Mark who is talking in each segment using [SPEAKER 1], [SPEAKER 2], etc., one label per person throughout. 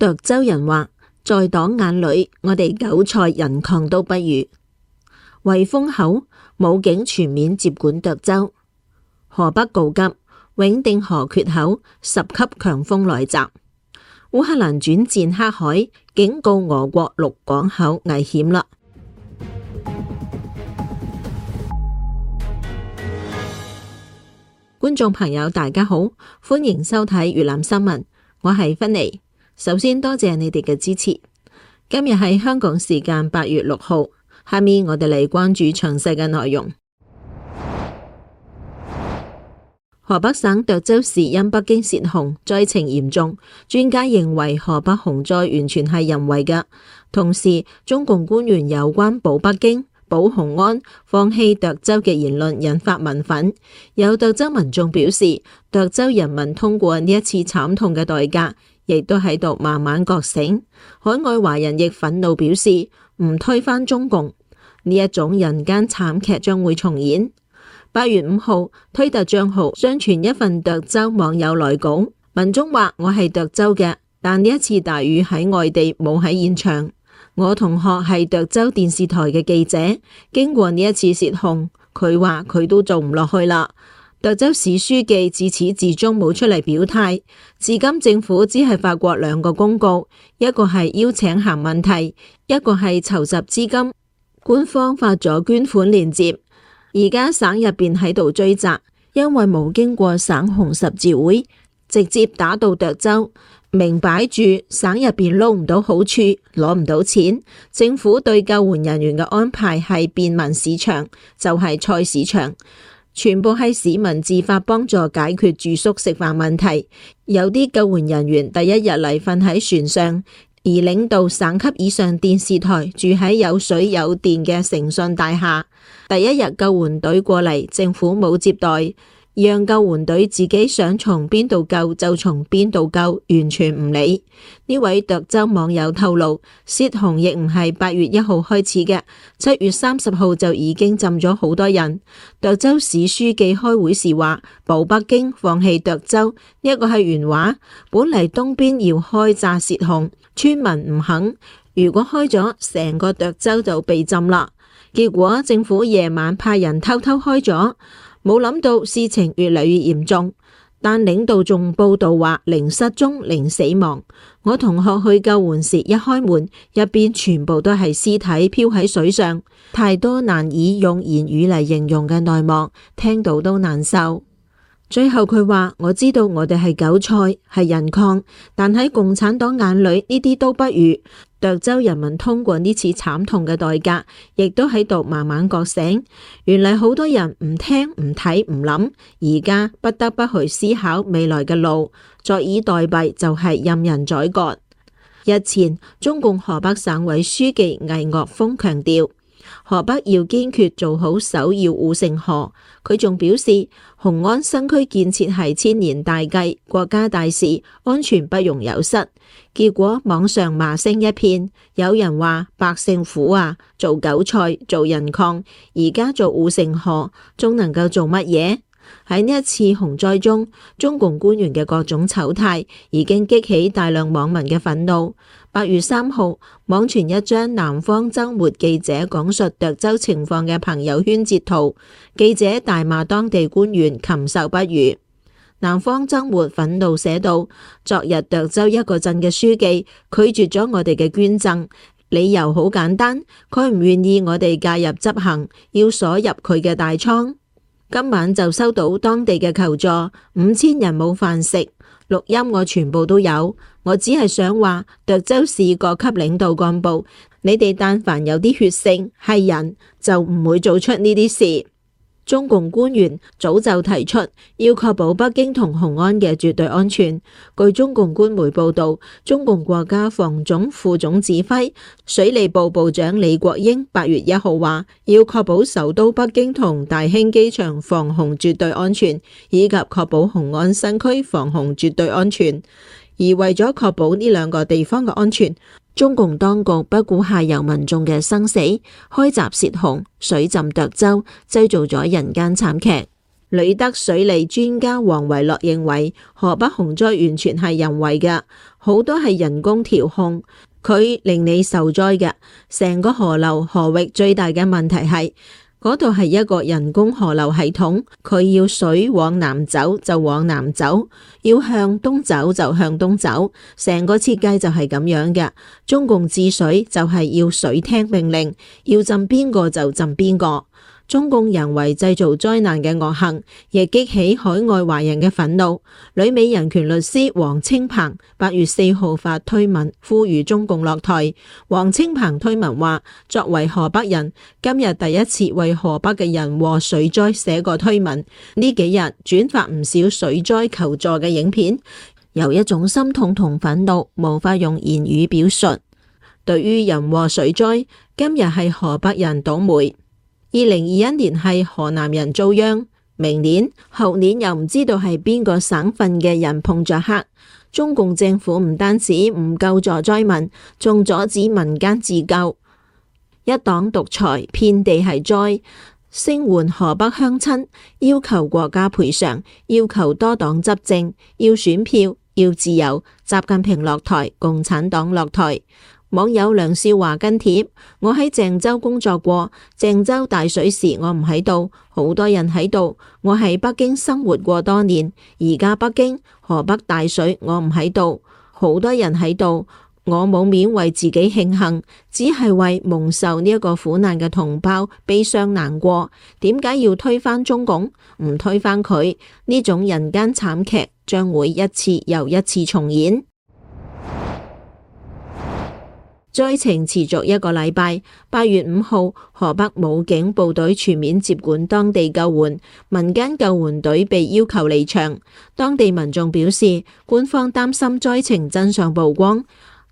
[SPEAKER 1] 涿州人話：在黨眼裏，我哋韭菜人礦都不如。為封口？武警全面接管涿州。河北告急，永定河決口十級強風來襲。烏克蘭轉戰黑海，警告俄國六港口危險啦。觀眾朋友，大家好，歡迎收睇粵覽新聞，我係芬妮。首先多謝你哋嘅支持。今日係香港時間八月六號，下面我哋嚟關注詳細嘅內容。河北省涿州市因北京洩洪，災情嚴重。專家認為河北洪災完全係人為嘅。同時，中共官員有關保北京、保雄安、放棄涿州嘅言論引發民憤。有涿州民眾表示，涿州人民通過呢一次慘痛嘅代價。亦都喺度慢慢覺醒，海外華人亦憤怒表示唔推翻中共呢一種人間慘劇將會重演。八月五號，推特賬號相傳一份涿州網友來稿，文中話：我係涿州嘅，但呢一次大雨喺外地冇喺現場。我同學係涿州電視台嘅記者，經過呢一次洩洪，佢話佢都做唔落去啦。涿州市書記自始至終冇出嚟表態，至今政府只係發過兩個公告，一個係邀請函問題，一個係籌集資金。官方發咗捐款鏈接，而家省入邊喺度追責，因為冇經過省紅十字會，直接打到涿州，明擺住省入邊撈唔到好處，攞唔到錢。政府對救援人員嘅安排係便民市場，就係、是、菜市場。全部係市民自發幫助解決住宿食飯問題，有啲救援人員第一日嚟瞓喺船上，而領導省級以上電視台住喺有水有電嘅誠信大廈。第一日救援隊過嚟，政府冇接待。讓救援隊自己想從邊度救就從邊度救，完全唔理。呢位涿州網友透露，洩洪亦唔係八月一號開始嘅，七月三十號就已經浸咗好多人。涿州市委書記開會時話：保北京，放棄涿州，呢一個係原話。本嚟東邊要開閘洩洪，村民唔肯。如果開咗，成個涿州就被浸啦。結果政府夜晚派人偷偷開咗。冇諗到事情越嚟越嚴重，但領導仲報道話零失蹤、零死亡。我同學去救援時，一開門入邊全部都係屍體漂喺水上，太多難以用言語嚟形容嘅內幕，聽到都難受。最後佢話：我知道我哋係韭菜，係人礦，但喺共產黨眼裏呢啲都不如。涿州人民通過呢次慘痛嘅代價，亦都喺度慢慢覺醒。原來好多人唔聽唔睇唔諗，而家不，不得不去思考未來嘅路。坐以待斃就係任人宰割。日前，中共河北省委書記魏岳峰強調。河北要堅決做好首要護城河。佢仲表示，雄安新區建設係千年大計、國家大事，安全不容有失。結果網上罵聲一片，有人話百姓苦啊，做韭菜、做人礦。而家做護城河，仲能夠做乜嘢？喺呢一次洪災中，中共官員嘅各種醜態已經激起大量網民嘅憤怒。八月三號，網傳一張南方周末記者講述涿州情況嘅朋友圈截圖，記者大罵當地官員禽獸不如。南方周末憤怒寫道：昨日涿州一個鎮嘅書記拒絕咗我哋嘅捐贈，理由好簡單，佢唔願意我哋介入執行，要鎖入佢嘅大倉。今晚就收到當地嘅求助，五千人冇飯食。錄音我全部都有，我只係想話，涿州市各級領導幹部，你哋但凡有啲血性，係人，就唔會做出呢啲事。中共官員早就提出要確保北京同雄安嘅絕對安全。據中共官媒報道，中共國家防總副總指揮水利部部長李國英八月一號話，要確保首都北京同大興機場防洪絕對安全，以及確保雄安新區防洪絕對安全。而為咗確保呢兩個地方嘅安全。中共當局不顧下游民眾嘅生死，開閘泄洪，水浸涿州，製造咗人間慘劇。呂德水利專家王維樂認為，河北洪災完全係人為嘅，好多係人工調控，佢令你受災嘅。成個河流河域最大嘅問題係。嗰度係一個人工河流系統，佢要水往南走就往南走，要向東走就向東走，成個設計就係咁樣嘅。中共治水就係要水聽命令，要浸邊個就浸邊個。中共人為製造災難嘅惡行，亦激起海外華人嘅憤怒。女美旅美人權律師王清鵬八月四號發推文，呼籲中共落台。王清鵬推文話：作為河北人，今日第一次為河北嘅人禍水災寫過推文。呢幾日轉發唔少水災求助嘅影片，由一種心痛同憤怒，無法用言語表述。對於人禍水災，今日係河北人倒霉。二零二一年係河南人遭殃，明年、後年又唔知道係邊個省份嘅人碰着黑。中共政府唔單止唔救助災民，仲阻止民間自救。一黨獨裁，遍地係災。聲援河北鄉親，要求國家賠償，要求多黨執政，要選票，要自由。習近平落台，共產黨落台。網友梁少華跟帖：我喺鄭州工作過，鄭州大水時我唔喺度，好多人喺度；我喺北京生活過多年，而家北京河北大水我唔喺度，好多人喺度。我冇面為自己慶幸，只係為蒙受呢一個苦難嘅同胞悲傷難過。點解要推翻中共？唔推翻佢，呢種人間慘劇將會一次又一次重演。」災情持續一個禮拜，八月五號，河北武警部隊全面接管當地救援，民間救援隊被要求離場。當地民眾表示，官方擔心災情真相曝光，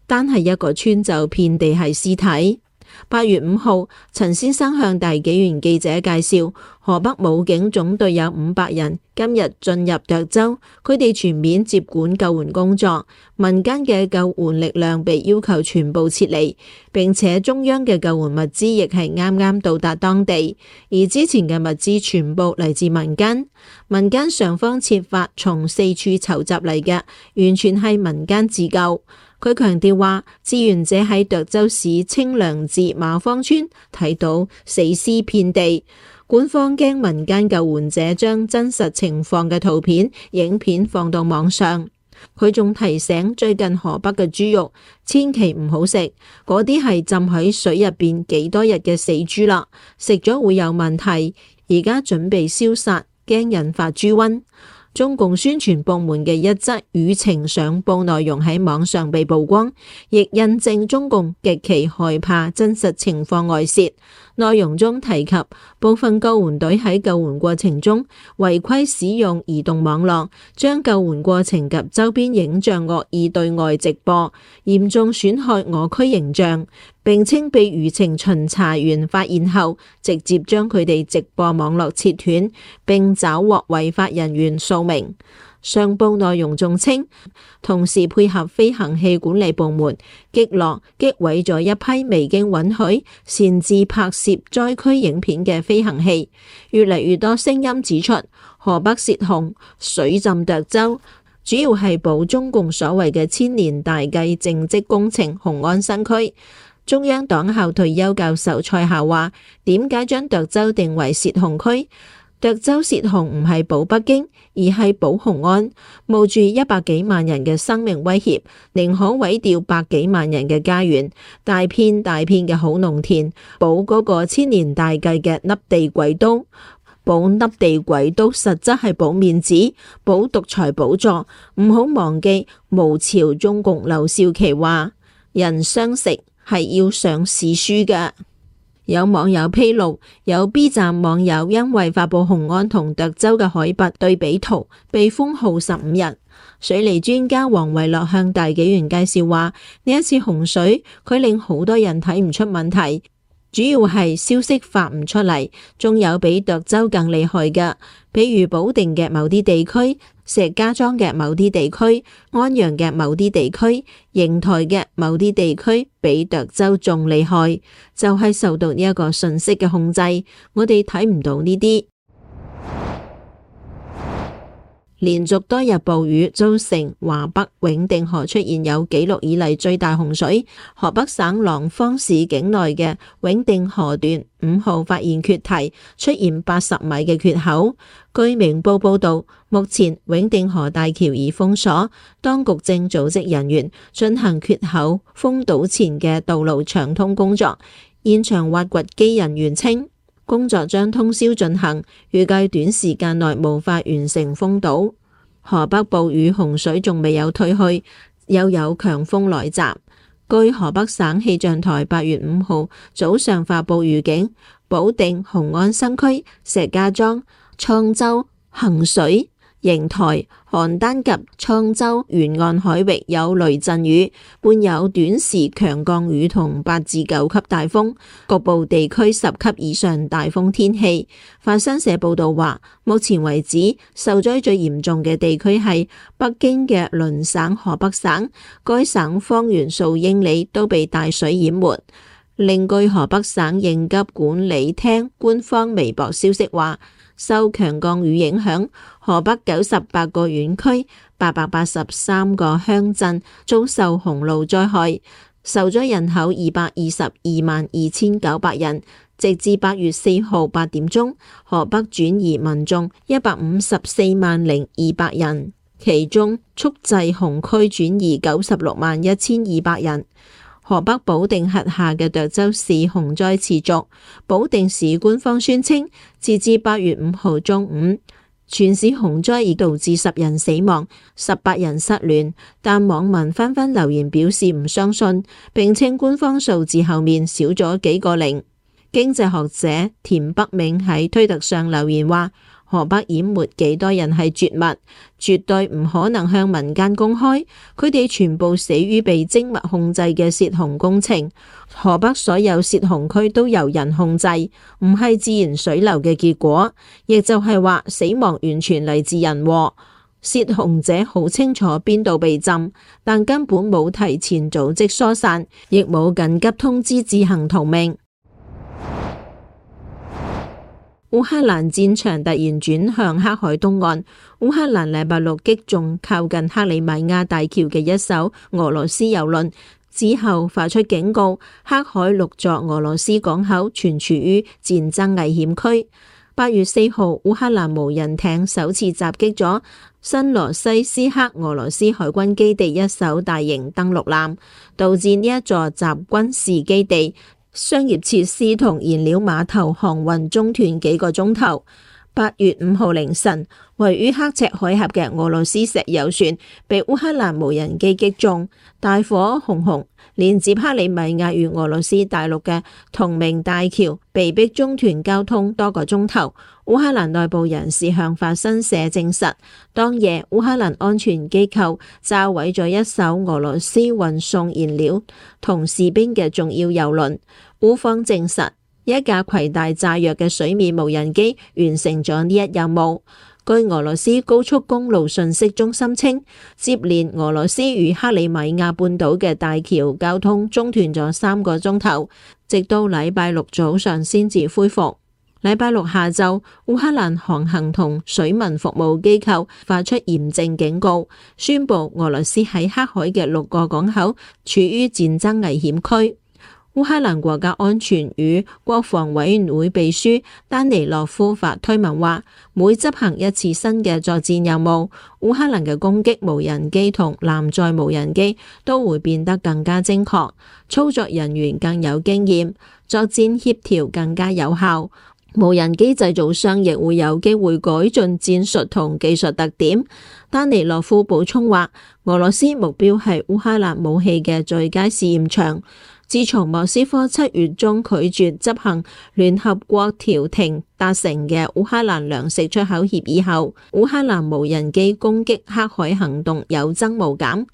[SPEAKER 1] 單係一個村就遍地係屍體。八月五號，陳先生向《大紀元》記者介紹，河北武警總隊有五百人今日進入涿州，佢哋全面接管救援工作，民間嘅救援力量被要求全部撤離，並且中央嘅救援物資亦係啱啱到達當地，而之前嘅物資全部嚟自民間，民間上方設法從四處籌集嚟嘅，完全係民間自救。佢強調話，志願者喺涿州市清涼寺馬坊村睇到死屍遍地，官方驚民間救援者將真實情況嘅圖片、影片放到網上。佢仲提醒，最近河北嘅豬肉千祈唔好食，嗰啲係浸喺水入邊幾多日嘅死豬啦，食咗會有問題。而家準備消殺，驚引發豬瘟。中共宣傳部門嘅一則輿情上報內容喺網上被曝光，亦印證中共極其害怕真實情況外泄。內容中提及部分救援隊喺救援過程中違規使用移動網絡，將救援過程及周邊影像惡意對外直播，嚴重損害我區形象。並稱被輿情巡查員發現後，直接將佢哋直播網絡切斷，並找獲違法人員數名。上報內容仲稱，同時配合飛行器管理部門擊落擊毀咗一批未經允許擅自拍攝災區影片嘅飛行器。越嚟越多聲音指出，河北泄洪水浸涿州，主要係保中共所謂嘅千年大計政績工程——雄安新區。中央黨校退休教授蔡霞話：點解將涿州定為洩洪區？涿州洩洪唔係保北京，而係保雄安。冒住一百幾萬人嘅生命威脅，寧可毀掉百幾萬人嘅家園，大片大片嘅好農田，保嗰個千年大計嘅凹地鬼都，保凹地鬼都實質係保面子，保獨裁寶座，唔好忘記毛朝中共劉少奇話：人相食，係要上史書嘅。有網友披露，有 B 站網友因為發布紅安同涿州嘅海拔對比圖，被封號十五日。水利專家王維洛向大紀元介紹話：呢一次洪水，佢令好多人睇唔出問題，主要係消息發唔出嚟。仲有比涿州更厲害嘅，譬如保定嘅某啲地區。石家莊嘅某啲地區，安陽嘅某啲地區，邢台，嘅某啲地區比涿州仲厲害，就係受到呢一個信息嘅控制，我哋睇唔到呢啲。連續多日暴雨造成華北永定河出現有紀錄以嚟最大洪水，河北省廊坊市境內嘅永定河段五號發現缺堤，出現八十米嘅缺口。據明報報道，目前永定河大橋已封鎖，當局正組織人員進行缺口封堵前嘅道路暢通工作。現場挖掘機人員稱。工作將通宵進行，預計短時間內無法完成封堵。河北暴雨洪水仲未有退去，又有強風來襲。據河北省氣象台八月五號早上發布預警，保定、雄安新區、石家莊、滄州、衡水。邢台、邯鄲及滄州沿岸海域有雷陣雨，伴有短時強降雨同八至九級大風，局部地區十級以上大風天氣。法新社報道話，目前為止受災最嚴重嘅地區係北京嘅鄰省河北省，該省方圓數英里都被大水淹沒。另據河北省應急管理廳官方微博消息話，受強降雨影響，河北九十八個縣區、八百八十三個鄉鎮遭受洪澇災害，受災人口二百二十二萬二千九百人。直至八月四號八點鐘，河北轉移民眾一百五十四萬零二百人，其中，蓄滯洪區轉移九十六萬一千二百人。河北保定轄下嘅涿州市洪災持續，保定市官方宣稱，截至八月五號中午，全市洪災已導致十人死亡、十八人失聯，但網民紛紛留言表示唔相信，並稱官方數字後面少咗幾個零。經濟學者田北銘喺推特上留言話。河北淹沒幾多人係絕密，絕對唔可能向民間公開。佢哋全部死於被精密控制嘅洩洪工程。河北所有洩洪區都由人控制，唔係自然水流嘅結果，亦就係話死亡完全嚟自人禍。洩洪者好清楚邊度被浸，但根本冇提前組織疏散，亦冇緊急通知自行逃命。烏克蘭戰場突然轉向黑海東岸，烏克蘭禮拜六擊中靠近克里米亞大橋嘅一艘俄羅斯油輪，之後發出警告：黑海六座俄羅斯港口全處於戰爭危險區。八月四號，烏克蘭無人艇首次襲擊咗新羅西斯克俄羅斯海軍基地一艘大型登陸艦，導致呢一座集軍事基地。商業設施同燃料碼頭航運中斷幾個鐘頭。八月五號凌晨，位於黑赤海峽嘅俄羅斯石油船被烏克蘭無人機擊中，大火熊熊，連接克里米亞與俄羅斯大陸嘅同名大橋被迫中斷交通多個鐘頭。烏克蘭內部人士向法新社證實，當夜烏克蘭安全機構炸毀咗一艘俄羅斯運送燃料同士兵嘅重要油輪。烏方證實一架攜帶炸藥嘅水面無人機完成咗呢一任務。據俄羅斯高速公路信息中心稱，接連俄羅斯與克里米亞半島嘅大橋交通中斷咗三個鐘頭，直到禮拜六早上先至恢復。禮拜六下午，烏克蘭航行同水文服務機構發出嚴正警告，宣布俄羅斯喺黑海嘅六個港口處於戰爭危險區。烏克蘭國家安全與國防委員會秘書丹尼洛夫發推文話：每執行一次新嘅作戰任務，烏克蘭嘅攻擊無人機同艦載無人機都會變得更加精確，操作人員更有經驗，作戰協調更加有效。無人機製造商亦會有機會改進戰術同技術特點。丹尼洛夫補充話：俄羅斯目標係烏克蘭武器嘅最佳試驗場。自從莫斯科七月中拒絕執行聯合國調停達成嘅烏克蘭糧食出口協議後，烏克蘭無人機攻擊黑海行動有增無減。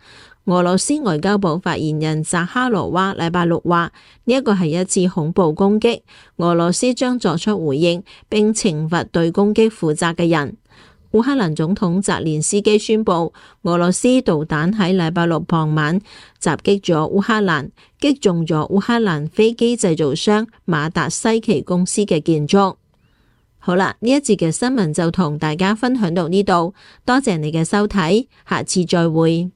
[SPEAKER 1] 俄羅斯外交部發言人扎哈羅娃禮拜六話：呢一個係一次恐怖攻擊，俄羅斯將作出回應，並懲罰對攻擊負責嘅人。烏克蘭總統澤連斯基宣布，俄羅斯導彈喺禮拜六傍晚襲擊咗烏克蘭，擊中咗烏克蘭飛機製造商馬達西奇公司嘅建築。好啦，呢一節嘅新聞就同大家分享到呢度，多謝你嘅收睇，下次再會。